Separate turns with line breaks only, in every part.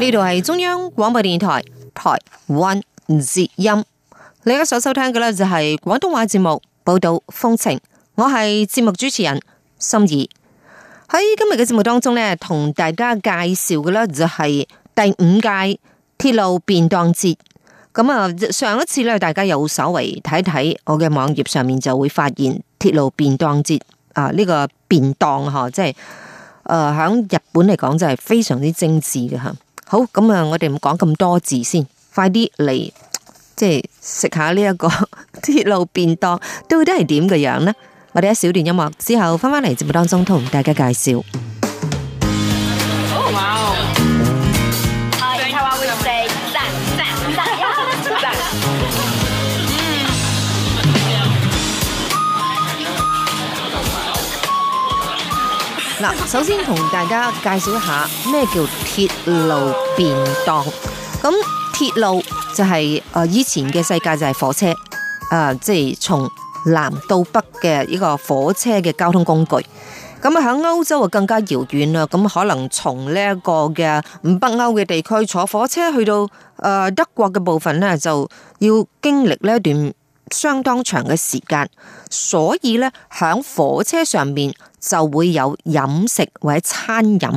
呢度係中央廣播電台台灣之音，你而家所收聽嘅呢，就係廣東話節目報道風情，我係節目主持人心怡。喺今日嘅節目當中呢，同大家介紹嘅呢，就係第五屆鐵路便當節。咁啊，上一次呢，大家有稍微睇一睇我嘅網頁上面就會發現鐵路便當節啊，呢個便當嗬，即係。誒，喺、呃、日本嚟講就係非常之精致嘅吓。好，咁啊，我哋唔講咁多字先快，快啲嚟，即係食下呢一個鐵路便當，到底係點嘅樣，樣呢？我哋一小段音樂之後翻返嚟節目當中同大家介紹。首先同大家介紹一下咩叫鐵路便當。咁鐵路就係、是、誒、呃、以前嘅世界就係火車，誒、呃、即係從南到北嘅呢個火車嘅交通工具。咁啊喺歐洲啊更加遙遠啦，咁可能從呢一個嘅北歐嘅地區坐火車去到誒、呃、德國嘅部分呢就要經歷呢一段相當長嘅時間，所以咧喺火車上面就會有飲食或者餐飲。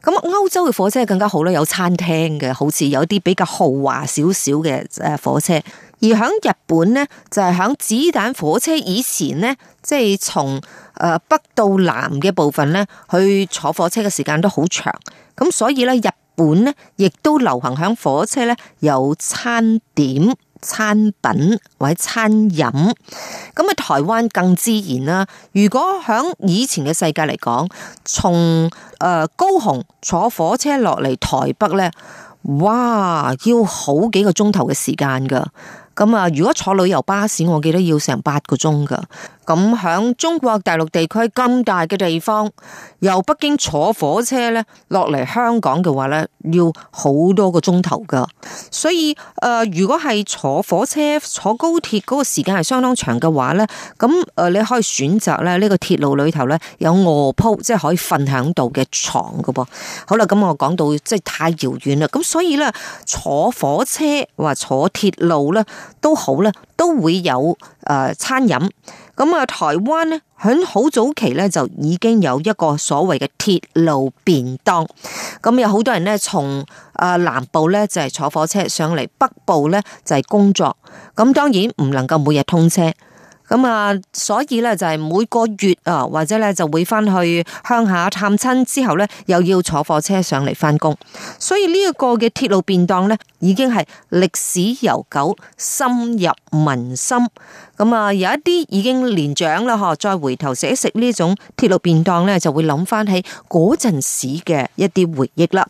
咁歐洲嘅火車更加好啦，有餐廳嘅，好似有啲比較豪華少少嘅誒火車。而喺日本呢，就係喺子彈火車以前呢，即係從誒北到南嘅部分呢，去坐火車嘅時間都好長。咁所以咧，日本呢，亦都流行喺火車咧有餐點。餐品或者餐飲，咁啊台灣更自然啦。如果響以前嘅世界嚟講，從誒高雄坐火車落嚟台北咧，哇，要好幾個鐘頭嘅時間㗎。咁啊，如果坐旅遊巴士，我記得要成八個鐘㗎。咁喺中國大陸地區咁大嘅地方，由北京坐火車咧落嚟香港嘅話咧，要好多個鐘頭噶。所以誒、呃，如果係坐火車、坐高鐵嗰個時間係相當長嘅話咧，咁誒，你可以選擇咧呢、這個鐵路裏頭咧有卧、呃、鋪，即係可以瞓喺度嘅床㗎噃。好啦，咁我講到即係太遙遠啦。咁所以咧，坐火車或坐鐵路咧都好咧，都會有誒、呃、餐飲。咁啊，台灣咧喺好早期咧就已經有一個所謂嘅鐵路便當，咁有好多人咧從啊南部咧就係、是、坐火車上嚟北部咧就係、是、工作，咁當然唔能夠每日通車。咁啊、嗯，所以咧就係每個月啊，或者咧就會翻去鄉下探親，之後咧又要坐火車上嚟翻工，所以呢一個嘅鐵路便當咧，已經係歷史悠久、深入民心。咁、嗯、啊、嗯，有一啲已經年長啦，嗬，再回頭食一食呢種鐵路便當咧，就會諗翻起嗰陣時嘅一啲回憶啦。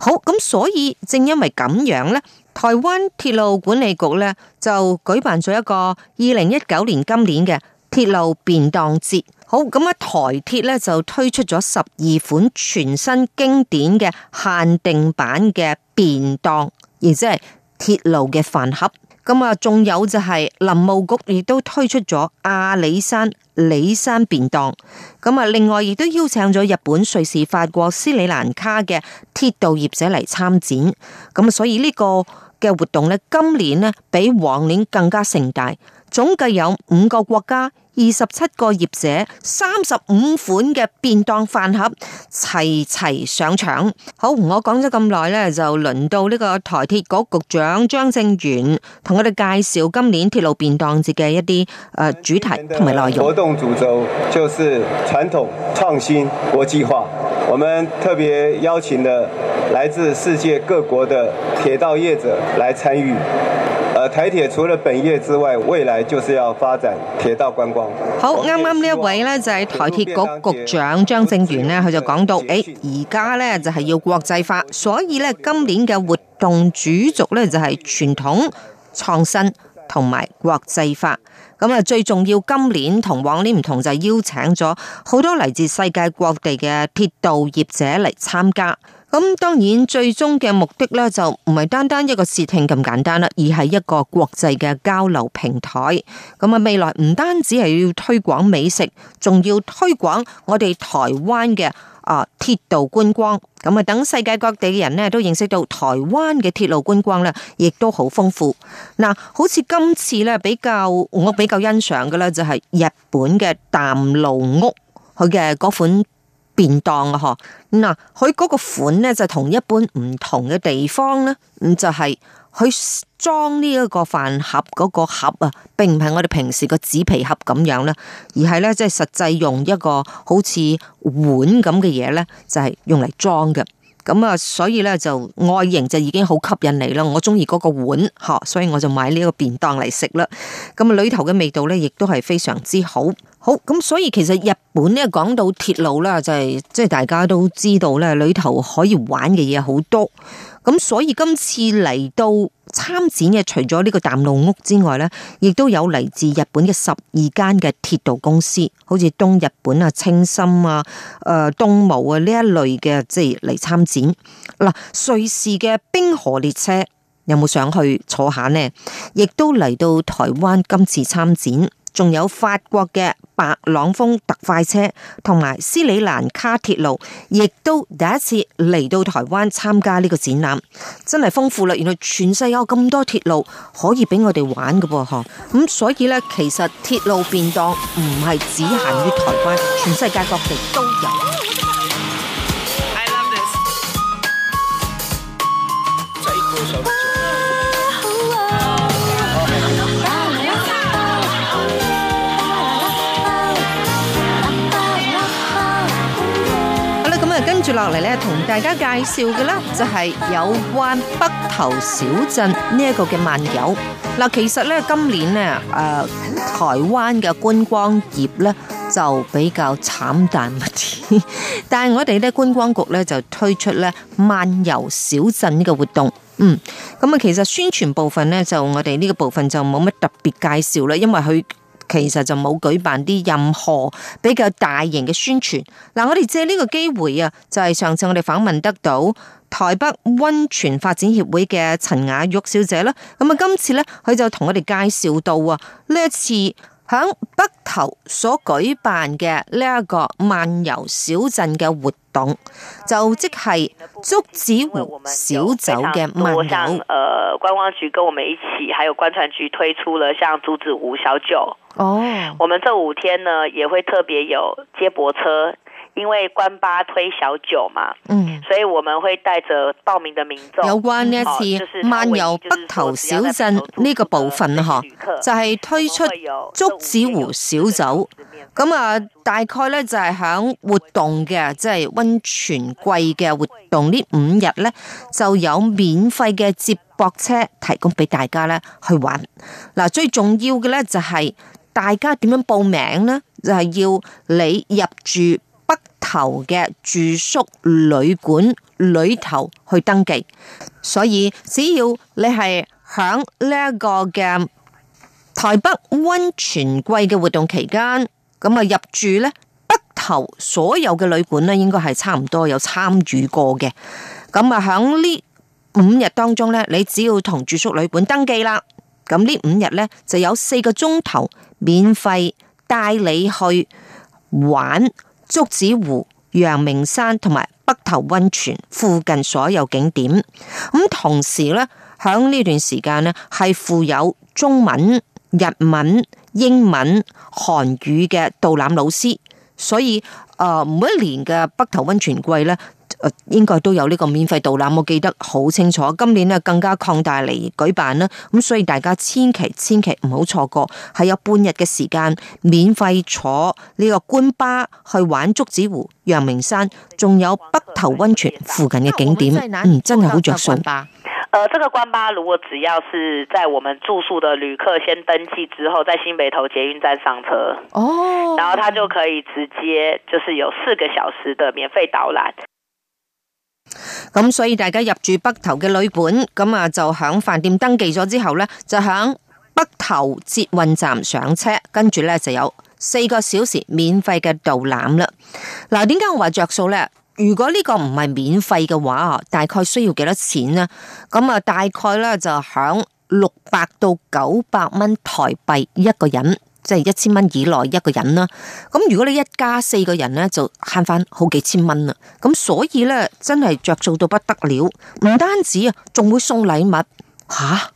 好，咁、嗯、所以正因為咁樣咧。台灣鐵路管理局咧就舉辦咗一個二零一九年今年嘅鐵路便當節，好，咁啊，台鐵咧就推出咗十二款全新經典嘅限定版嘅便當，亦即係鐵路嘅飯盒。咁啊，仲有就係林務局亦都推出咗阿里山、里山便當。咁啊，另外亦都邀請咗日本、瑞士、法國、斯里蘭卡嘅鐵道業者嚟參展。咁啊，所以呢個嘅活動咧，今年咧比往年更加盛大，總計有五個國家、二十七個業者、三十五款嘅便當飯盒齊齊上場。好，我講咗咁耐咧，就輪到呢個台鐵局局長張正元同我哋介紹今年鐵路便當節嘅一啲誒、呃、主題同埋內容。
活動主軸就是傳統、創新、國際化。我們特別邀請的來自世界各國的鐵道業者來參與。呃，剛剛台鐵除了本業之外，未來、哎、就是要發展鐵道觀光。好，啱
啱呢一位呢，就係台鐵局局長張正元。呢佢就講到：誒，而家呢，就係要國際化，所以呢，今年嘅活動主軸呢，就係傳統創新同埋國際化。咁啊，最重要今年同往年唔同，就係邀請咗好多嚟自世界各地嘅鐵道業者嚟參加。咁當然最終嘅目的咧，就唔係單單一個視聽咁簡單啦，而係一個國際嘅交流平台。咁啊，未來唔單止係要推廣美食，仲要推廣我哋台灣嘅啊鐵道觀光。咁啊，等世界各地嘅人呢，都認識到台灣嘅鐵路觀光咧，亦都好豐富。嗱，好似今次咧比較，我比較欣賞嘅咧就係日本嘅淡路屋，佢嘅嗰款。便當啊！嗬，嗱，佢嗰個款咧就同一般唔同嘅地方咧，就係佢裝呢一個飯盒嗰個盒啊，並唔係我哋平時個紙皮盒咁樣咧，而係咧即係實際用一個好似碗咁嘅嘢咧，就係用嚟裝嘅。咁啊、嗯，所以咧就外形就已經好吸引你啦。我中意嗰個碗，吓、嗯，所以我就買呢個便當嚟食啦。咁、嗯、啊，裏頭嘅味道咧，亦都係非常之好。好，咁、嗯、所以其實日本咧講到鐵路啦，就係、是、即係大家都知道咧，裏頭可以玩嘅嘢好多。咁、嗯、所以今次嚟到。參展嘅除咗呢個淡路屋之外咧，亦都有嚟自日本嘅十二間嘅鐵道公司，好似東日本啊、青森啊、誒、呃、東武啊呢一類嘅，即係嚟參展。嗱、啊，瑞士嘅冰河列車有冇想去坐下呢？亦都嚟到台灣今次參展。仲有法國嘅白朗峰特快車，同埋斯里蘭卡鐵路，亦都第一次嚟到台灣參加呢個展覽，真係豐富啦！原來全世界有咁多鐵路可以俾我哋玩噶噃，吓、嗯、咁所以咧，其實鐵路便當唔係只限於台灣，全世界各地都有。接落嚟咧，同大家介紹嘅咧就係有關北投小鎮呢一個嘅漫遊。嗱，其實咧今年咧，誒，台灣嘅觀光業咧就比較慘淡一啲，但係我哋咧觀光局咧就推出咧漫遊小鎮呢個活動。嗯，咁啊，其實宣傳部分咧就我哋呢個部分就冇乜特別介紹啦，因為佢。其實就冇舉辦啲任何比較大型嘅宣傳。嗱、啊，我哋借呢個機會啊，就係、是、上次我哋訪問得到台北溫泉發展協會嘅陳雅玉小姐啦。咁、嗯、啊，今次呢，佢就同我哋介紹到啊，呢一次。喺北投所舉辦嘅呢一個漫遊小鎮嘅活動，就即係竹子湖小酒嘅漫遊。多像，誒、
呃，觀光局跟我們一起，還有觀傳局推出了像竹子湖小酒。哦，oh. 我們這五天呢，也會特別有接駁車。因為關巴推小酒嘛，嗯，所以我們會帶着報名的民眾有關呢一次漫遊北投小鎮
呢個部分嗬，就係推出竹子湖小酒咁啊，嗯、大概呢就係響活動嘅，即係溫泉季嘅活動呢五日呢，就有免費嘅接駁車提供俾大家呢去玩。嗱，最重要嘅呢就係大家點樣報名呢？就係、是、要你入住。頭嘅住宿旅館，裏頭去登記，所以只要你係響呢一個嘅台北温泉季嘅活動期間，咁啊入住咧，北投所有嘅旅館咧，應該係差唔多有參與過嘅。咁啊，響呢五日當中咧，你只要同住宿旅館登記啦，咁呢五日咧就有四個鐘頭免費帶你去玩。竹子湖、陽明山同埋北投温泉附近所有景點，咁同時咧，響呢段時間咧係附有中文、日文、英文、韓語嘅導覽老師，所以誒、呃、每一年嘅北投温泉季咧。誒，應該都有呢個免費導覽，我記得好清楚。今年咧更加擴大嚟舉辦啦，咁所以大家千祈千祈唔好錯過，係有半日嘅時間免費坐呢個觀巴去玩竹子湖、陽明山，仲有北投溫泉附近嘅景點。嗯，真係好着數。
誒，這個觀巴如果只要是在我們住宿的旅客先登記之後，在新北投捷運站上車，
哦，
然後它就可以直接就是有四個小時的免費導覽。
咁、嗯、所以大家入住北投嘅旅館，咁、嗯、啊就響飯店登記咗之後呢，就響北投捷運站上車，跟住呢，就有四個小時免費嘅導覽啦。嗱、嗯，點解我話着數呢？如果呢個唔係免費嘅話，大概需要幾多錢呢？咁、嗯、啊、嗯，大概呢，就響六百到九百蚊台幣一個人。即係一千蚊以內一個人啦，咁如果你一家四個人咧，就慳翻好幾千蚊啦。咁所以咧，真係着數到不得了，唔單止啊，仲會送禮物吓。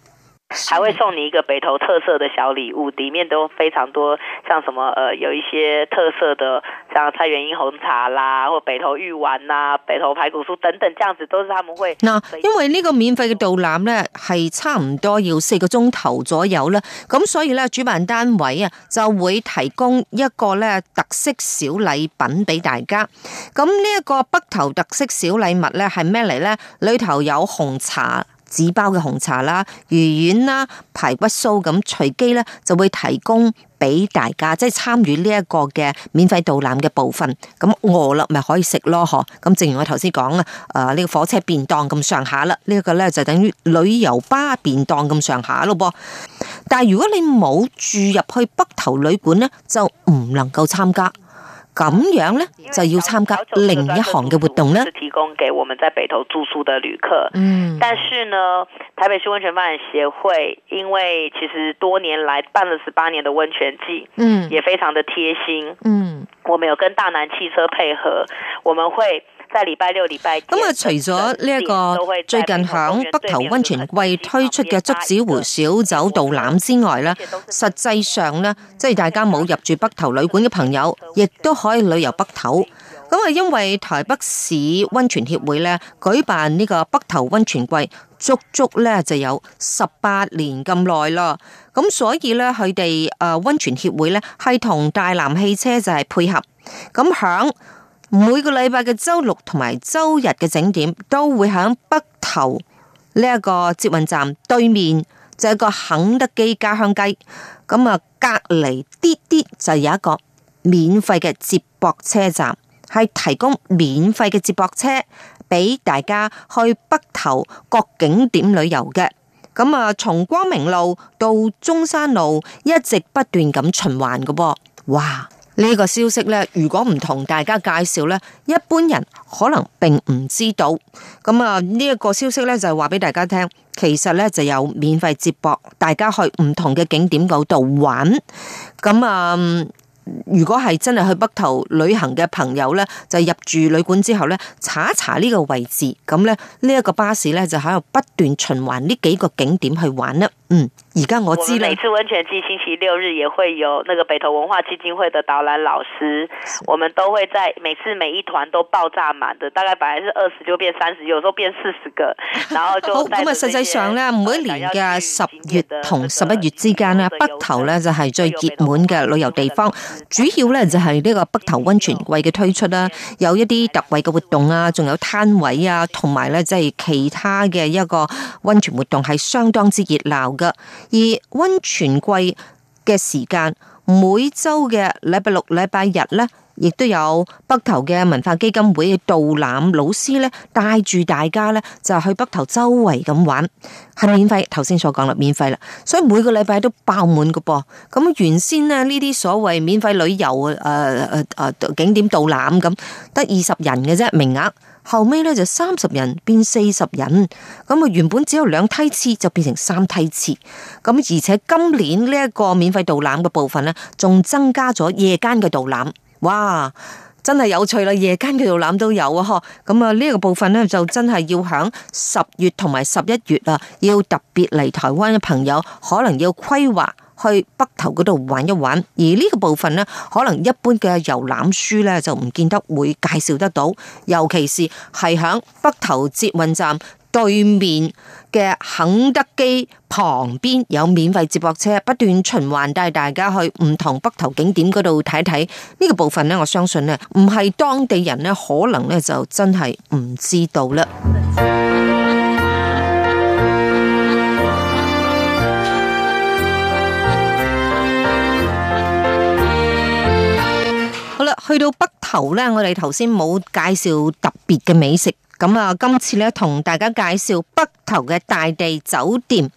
還會送你一個北投特色嘅小禮物，裏面都非常多，像什麼，呃，有一些特色的，像蔡元益紅茶啦，或北投玉丸啦、啊，北投排骨酥等等，這樣子都是他們會嗱、
啊，因為呢個免費嘅導覽呢，係差唔多要四個鐘頭左右啦，咁所以呢，主辦單位啊就會提供一個呢特色小禮品俾大家，咁呢一個北投特色小禮物呢，係咩嚟呢？裏頭有紅茶。紙包嘅紅茶啦、魚丸啦、排骨酥咁，隨機咧就會提供俾大家，即係參與呢一個嘅免費導覽嘅部分。咁餓啦，咪可以食咯，嗬？咁正如我頭先講啊，誒、呃、呢、這個火車便當咁上下啦，這個、呢一個咧就等於旅遊巴便當咁上下咯噃。但係如果你冇住入去北投旅館咧，就唔能夠參加。咁樣呢，就要參加另一行嘅活動呢，
提供給我們在北投住宿的旅客。嗯，嗯，但是呢，台北市温泉發展協會，因為其實多年來辦了十八年的温泉季，嗯，也非常的貼心。嗯，我們有跟大南汽車配合，我們會。
在禮拜六、禮拜天。咁啊，除咗呢一個最近響北投溫泉季推出嘅竹子湖小走導覽之外咧，實際上咧，即係大家冇入住北投旅館嘅朋友，亦都可以旅遊北投。咁啊，因為台北市溫泉協會咧舉辦呢個北投溫泉季，足足咧就有十八年咁耐啦。咁所以咧，佢哋誒溫泉協會咧係同大南汽車就係配合咁響。每個禮拜嘅周六同埋周日嘅整點，都會喺北投呢一個捷運站對面就係一個肯德基家鄉雞，咁啊隔籬啲啲就有一個免費嘅接駁車站，係提供免費嘅接駁車俾大家去北投各景點旅遊嘅。咁啊，從光明路到中山路一直不斷咁循環嘅噃，哇！呢個消息咧，如果唔同大家介紹咧，一般人可能並唔知道。咁、嗯、啊，呢、這、一個消息咧就係話俾大家聽，其實咧就有免費接駁，大家去唔同嘅景點嗰度玩。咁、嗯、啊，如果係真係去北投旅行嘅朋友咧，就入住旅館之後咧，查一查呢個位置，咁咧呢一個巴士咧就喺度不斷循環呢幾個景點去玩啦。嗯。而家我知啦。每次溫
泉季星期六日也會有那個北投文化基金會的導覽老師，我們都會在每次每一團都爆炸滿的，大概本來是二十就變三十，有時候變四十個，
然後就咁啊， 實際上咧，每一年嘅十月同十一月之間咧，這個、北投咧就係、是、最熱門嘅旅遊地方，主要咧就係呢個北投溫泉季嘅推出啦，有一啲特惠嘅活動啊，仲有攤位啊，同埋咧即係其他嘅一個溫泉活動係相當之熱鬧噶。而溫泉季嘅時間，每周嘅禮拜六、禮拜日咧，亦都有北投嘅文化基金會嘅導覽老師咧，帶住大家咧就去北投周圍咁玩，係免費。頭先所講啦，免費啦，所以每個禮拜都爆滿噶噃。咁原先咧呢啲所謂免費旅遊誒誒誒景點導覽咁，得二十人嘅啫名額。後尾咧就三十人變四十人，咁啊原本只有兩梯次就變成三梯次，咁而且今年呢一個免費導覽嘅部分咧，仲增加咗夜間嘅導覽，哇，真係有趣啦！夜間嘅導覽都有啊，嗬，咁啊呢個部分咧就真係要響十月同埋十一月啊，要特別嚟台灣嘅朋友可能要規劃。去北投嗰度玩一玩，而呢個部分呢，可能一般嘅遊覽書呢，就唔見得會介紹得到，尤其是係響北投捷運站對面嘅肯德基旁邊有免費接駁車，不斷循環帶大家去唔同北投景點嗰度睇睇。呢、這個部分呢，我相信呢，唔係當地人呢，可能呢，就真係唔知道啦。去到北投呢，我哋頭先冇介紹特別嘅美食，咁啊，今次呢，同大家介紹北投嘅大地酒店，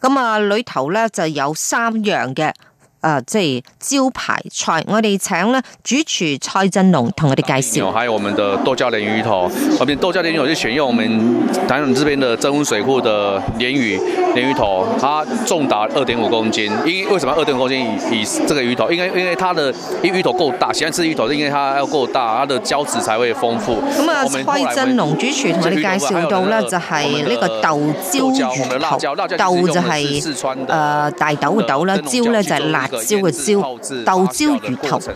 咁啊裏頭呢，就有三樣嘅。誒，即係招牌菜，我哋請咧主廚蔡振龍
同我哋介紹。哦，還有我們的豆椒鰱魚頭，我們豆椒鰱魚頭就選用我們台南這邊的曾文水庫的鰱魚鰱魚頭，它重達二點五公斤。因為什麼二點五公斤？以以這個魚頭，因為因為它的魚頭夠大，喜歡吃魚頭，就因為它要夠大，它的膠質才會豐富。咁啊，蔡
振龍主廚同我哋介紹到咧，就係呢個豆椒魚頭，豆就係誒大豆豆啦，椒咧就係辣。椒嘅椒，豆椒魚頭。呢、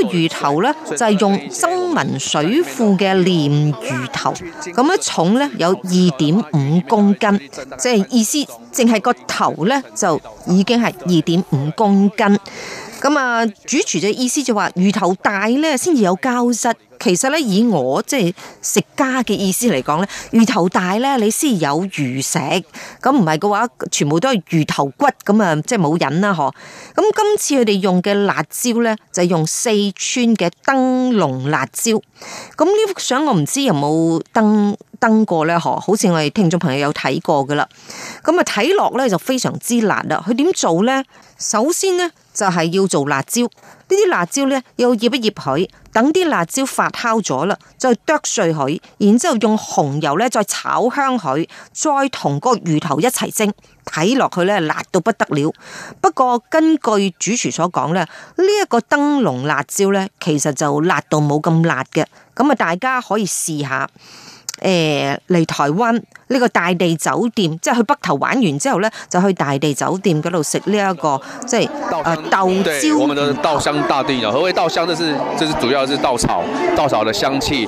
這個魚頭呢，就係、是、用曾文水庫嘅鯰魚頭，咁樣重呢，有二點五公斤，即係意思淨係個頭呢，就已經係二點五公斤。咁啊，主廚就意思就話、是、魚頭大呢，先至有膠質。其實咧，以我即係食家嘅意思嚟講咧，魚頭大咧，你先有魚食。咁唔係嘅話，全部都係魚頭骨咁啊，即係冇癮啦嗬。咁今次佢哋用嘅辣椒咧，就係用四川嘅燈籠辣椒。咁呢幅相我唔知有冇登登過咧嗬？好似我哋聽眾朋友有睇過噶啦。咁啊，睇落咧就非常之辣啦。佢點做咧？首先咧。就係要做辣椒，呢啲辣椒呢要醃一醃佢，等啲辣椒發酵咗啦，再剁碎佢，然之後用紅油呢再炒香佢，再同嗰個魚頭一齊蒸，睇落去呢辣到不得了。不過根據主廚所講呢，呢呢一個燈籠辣椒呢其實就辣到冇咁辣嘅，咁啊大家可以試下。誒嚟台灣呢個大地酒店，即係去北投玩完之後咧，就去大地酒店度食呢一個即係豆。對，我
們的稻香大地啊，何謂稻香？就係就係主要係稻草，稻草的香氣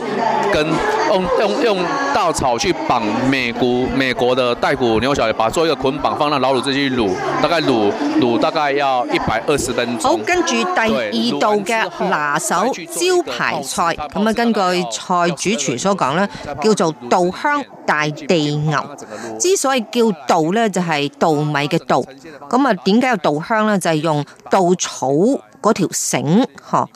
跟用用用稻草去綁美國美國的帶骨牛小排，做一個捆綁，放落老滷度去滷，大概滷滷大概要一百二十分鐘。好，跟住第二道
嘅拿手招牌菜，咁啊，根據蔡主廚所講咧，叫做。就稻香大地牛，之所以叫稻咧，就係稻米嘅稻。咁啊，點解有稻香咧？就係、是、用稻草嗰條繩，嗬，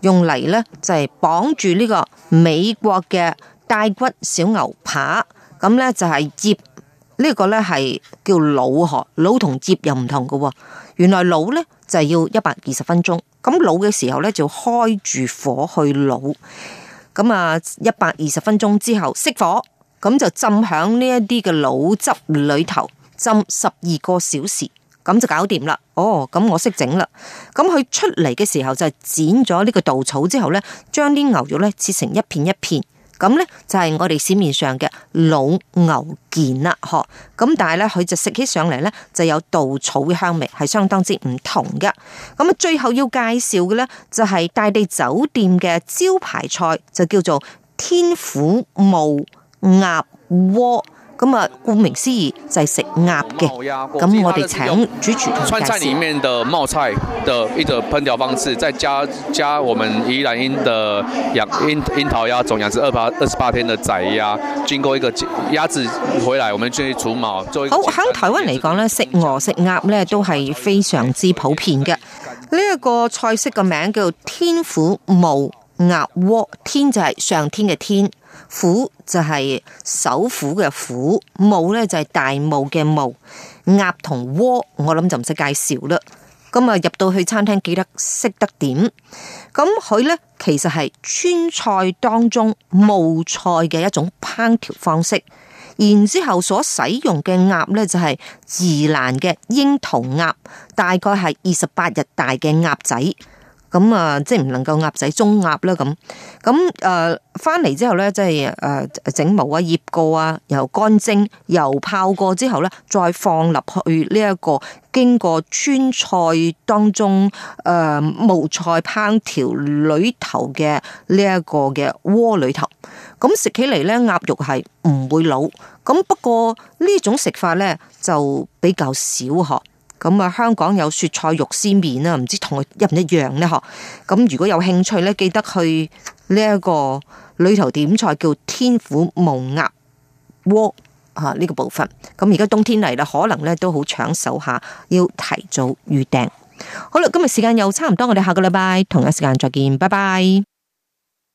用嚟咧就係、是、綁住呢個美國嘅帶骨小牛扒。咁咧就係接呢個咧係叫滷嗬，滷同接又唔同噶。原來滷咧就係要一百二十分鐘。咁滷嘅時候咧就開住火去滷。咁啊，一百二十分鐘之後熄火，咁就浸響呢一啲嘅滷汁裏頭，浸十二個小時，咁就搞掂啦。哦，咁我識整啦。咁佢出嚟嘅時候就係剪咗呢個稻草之後呢，將啲牛肉呢，切成一片一片。咁咧，就係我哋市面上嘅老牛腱啦，嗬！咁但係咧佢就食起上嚟咧就有稻草嘅香味，係相當之唔同嘅。咁最後要介紹嘅咧就係大地酒店嘅招牌菜，就叫做天府無鴨鍋。咁啊，顧名思義就係食鴨嘅。咁、嗯、我哋請主廚介紹。川菜裡面
嘅冒菜嘅一個烹調方式，再加加我們宜蘭英的養櫻櫻桃鴨，養殖二八二十八天嘅仔鴨，經過一個鴨子回來，我們去煮冒。做一個好喺
台灣嚟講咧，食、嗯、鵝食鴨咧都係非常之普遍嘅。呢、這、一個菜式嘅名叫天府冒。鴨窩天就係上天嘅天，虎就係首虎嘅虎，冒咧就係大冒嘅冒。鴨同窩我諗就唔使介紹啦。咁啊入到去餐廳記得識得點。咁佢呢其實係川菜當中冒菜嘅一種烹調方式。然之後所使用嘅鴨呢就係宜蘭嘅櫻桃鴨，大概係二十八日大嘅鴨仔。咁啊、嗯，即係唔能夠鴨仔中鴨啦咁。咁誒，翻、嗯、嚟之後咧，即係誒整毛啊，醃過啊，又乾蒸，又泡過之後咧，再放入去呢、這、一個經過川菜當中誒，冒、呃、菜烹調裏頭嘅呢一個嘅鍋裏頭。咁、嗯、食起嚟咧，鴨肉係唔會老。咁、嗯、不過種呢種食法咧就比較少嗬。咁啊，香港有雪菜肉絲麵啊，唔知同佢一唔一樣呢。嗬，咁如果有興趣呢，記得去呢、這、一個裏頭點菜叫天府無鴨鍋吓呢個部分。咁而家冬天嚟啦，可能呢都好搶手下要提早預訂。好啦，今日時間又差唔多，我哋下個禮拜同一時間再見，拜拜。